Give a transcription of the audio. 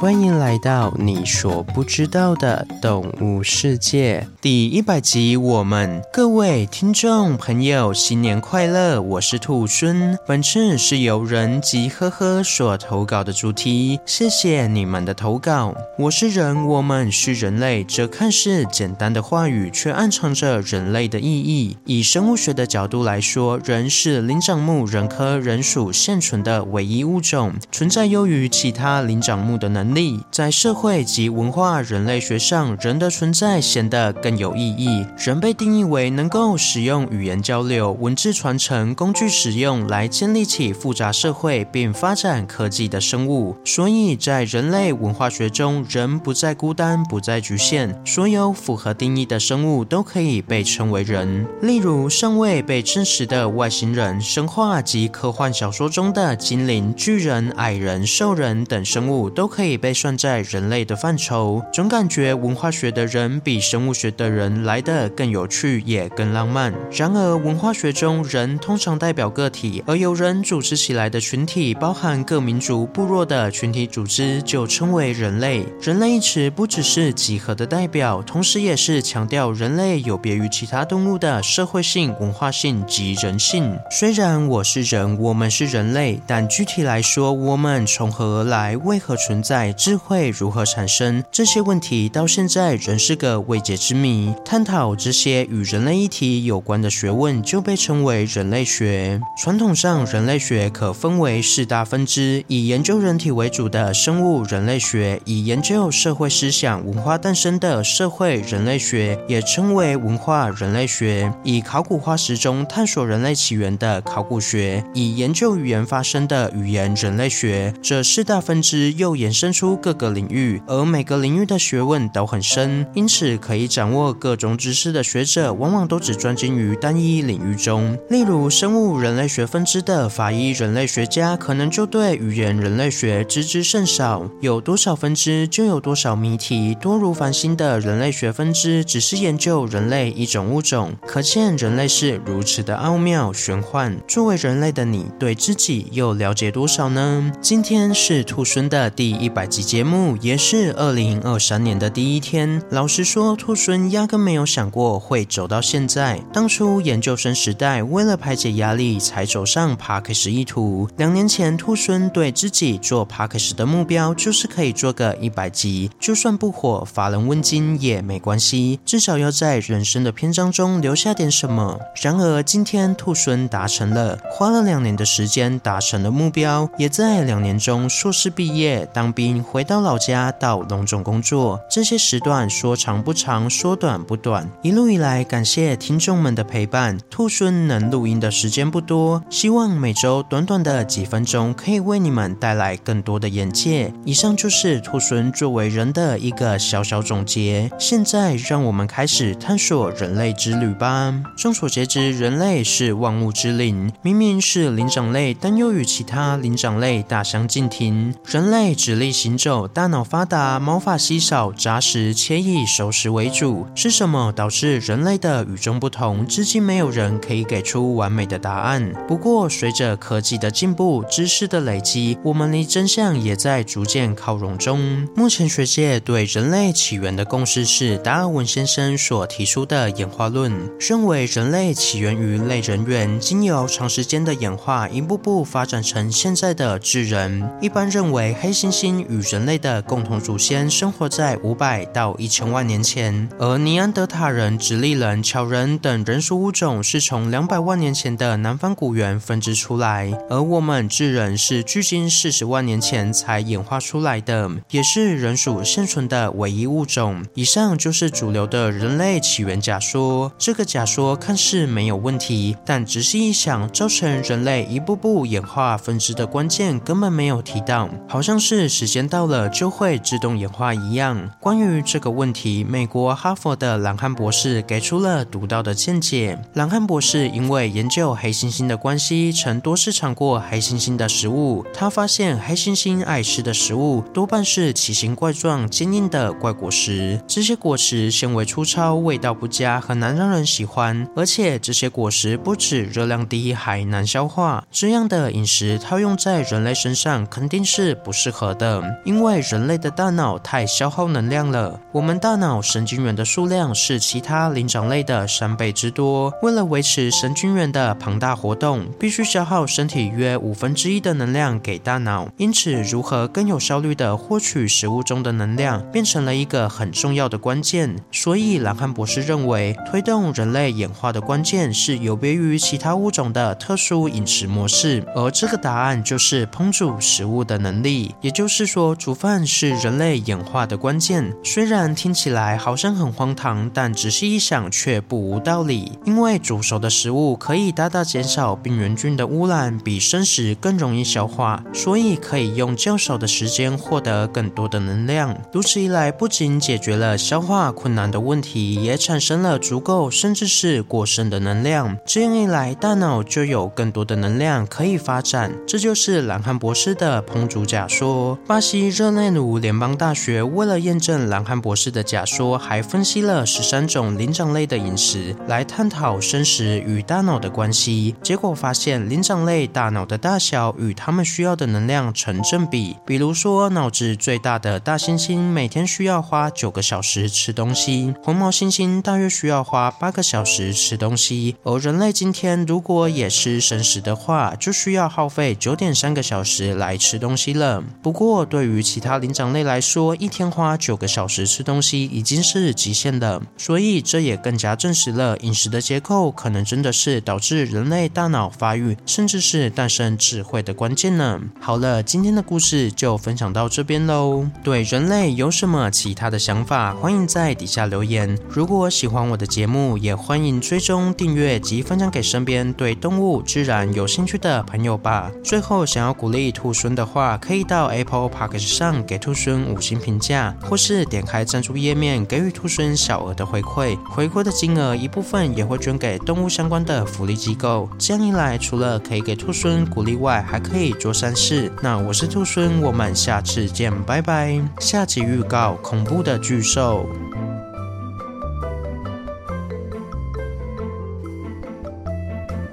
歡迎來到你所不知道的動物世界第一百集。我們各位聽眾朋友，新年快樂！我是兔猻，本次是由人及呵呵所投稿的主題，謝謝你們的投稿。我是人，我們是人類。這看似簡單的話語，卻暗藏着人類的意義。以生物學的角度來說，人是靈長目人科人屬現存的唯一物種，存在優於其他靈長目的能力。在社會及文化人類學上，人的存在顯得更有意義。人被定義為能夠使用語言交流、文字傳承、工具使用來建立起複雜社會並發展科技的生物。所以在人類文化學中，人不再孤單，不再局限。所有符合定義的生物都可以被稱為人。例如，尚未被證實的外星人、神話及科幻小說中的精靈、巨人、矮人、獸人等生物都可以被算在人類的範疇，總感覺文化學的人比生物學的人來得更有趣，也更浪漫。然而，文化學中人通常代表個體，而由人組織起來的群體，包含各民族、部落的群體組織就稱為人類。人類一詞不只是集合的代表，同時也是強調人類有別於其他動物的社會性、文化性及人性。雖然我是人，我們是人類，但具體來說，我們從何而來？為何存在？智慧如何產生？這些問題到現在仍是個未解之謎。探討這些與人類議題有關的學問，就被稱為人類學。傳統上，人類學可分為四大分支：以研究人體為主的生物人類學，以研究社會思想文化誕生的社會人類學，也稱為文化人類學；以考古化石中探索人類起源的考古學；以研究語言發生的語言人類學。這四大分支又延伸出出各個領域，而每個領域的學問都很深，因此可以掌握各種知識的學者，往往都只專精於單一領域中。例如，生物人類學分支的法醫人類學家，可能就對語言人類學知之甚少。有多少分支，就有多少謎題，多如繁星的人類學分支，只是研究人類一種物種。可見，人類是如此的奧妙玄幻。作為人類的你，對自己又了解多少呢？今天是兔猻的第一百。這集節目也是二零二三年的第一天。老實說，兔孫壓根沒有想過會走到現在。當初研究生時代，為了排解壓力，才走上 Podcast 一途。兩年前，兔孫對自己做 Podcast 的目標就是可以做個一百集，就算不火，乏人問津也沒關係，至少要在人生的篇章中留下點什麼。然而，今天兔孫達成了，花了兩年的時間達成了目標，也在兩年中碩士畢業、當兵。回到老家到農種工作，這些時段說長不長，說短不短。一路以來，感謝聽眾們的陪伴。兔猻能錄音的時間不多，希望每周短短的幾分鐘可以為你們帶來更多的眼界。以上就是兔猻作為人的一個小小總結。現在讓我們開始探索人類之旅吧。眾所周知，人類是萬物之靈，明明是靈長類，但又與其他靈長類大相徑庭。人類直立。行走，大腦發達，毛髮稀少，雜食且以熟食為主。是什麼導致人類的與眾不同？至今沒有人可以給出完美的答案。不過，隨着科技的進步，知識的累積，我們離真相也在逐漸靠攏中。目前學界對人類起源的共識是，達爾文先生所提出的演化論，認為人類起源於類人猿，經由長時間的演化，一步步發展成現在的智人。一般認為，黑猩猩與人類的共同祖先生活在五百到一千萬年前，而尼安德塔人、直立人、巧人等人屬物種是從兩百萬年前的南方古猿分支出來，而我們智人是距今四十萬年前才演化出來的，也是人屬現存的唯一物種。以上就是主流的人類起源假說。這個假說看似沒有問題，但仔細一想，造成人類一步步演化分支的關鍵根本沒有提到，好像是時間。到了就會自動演化一樣。關於這個問題，美國哈佛的朗漢博士給出了獨到的見解。朗漢博士因為研究黑猩猩的關係，曾多次嘗過黑猩猩的食物。他發現黑猩猩愛吃的食物多半是奇形怪狀、堅硬的怪果實。這些果實纖維粗糙，味道不佳，很難讓人喜歡。而且這些果實不止熱量低，還難消化。這樣的飲食套用在人類身上肯定是不適合的。因為人類的大腦太消耗能量了，我們大腦神經元的數量是其他靈長類的三倍之多。為了維持神經元的龐大活動，必須消耗身體約五分之一的能量給大腦。因此，如何更有效率的獲取食物中的能量，變成了一個很重要的關鍵。所以，藍漢博士認為，推動人類演化的關鍵是有別於其他物種的特殊飲食模式，而這個答案就是烹煮食物的能力。也就是說。說煮飯是人類演化的關鍵，雖然聽起來好像很荒唐，但仔細一想卻不無道理。因為煮熟的食物可以大大減少病原菌的汙染，比生食更容易消化，所以可以用較少的時間獲得更多的能量。如此一來，不僅解決了消化困難的問題，也產生了足夠甚至是過剩的能量。這樣一來，大腦就有更多的能量可以發展。這就是蘭漢博士的烹煮假說。巴西。西熱內盧聯邦大學為了驗證朗漢博士的假說，還分析了十三種靈長類的飲食，來探討生食與大腦的關係。結果發現，靈長類大腦的大小與它們需要的能量成正比。比如說，腦子最大的大猩猩每天需要花九個小時吃東西，紅毛猩猩大約需要花八個小時吃東西。而人類今天如果也吃生食的話，就需要耗費九點三個小時來吃東西了。不過，對。對於其他靈長類來說，一天花九個小時吃東西已經是極限了，所以這也更加證實了飲食的結構可能真的是導致人類大腦發育，甚至是誕生智慧的關鍵呢。好了，今天的故事就分享到這邊嘍。對人類有什麼其他的想法，歡迎在底下留言。如果喜歡我的節目，也歡迎追蹤訂閱及分享給身邊對動物、自然有興趣的朋友吧。最後，想要鼓勵兔猻的話，可以到 Apple。p a k 上給兔猻五星評價，或是點開贊助頁面給予兔猻小額的回饋，回饋的金額一部分也會捐給動物相關的福利機構。這樣一來，除了可以給兔猻鼓勵外，還可以做善事。那我是兔猻，我們下次見，拜拜。下集預告：恐怖的巨獸。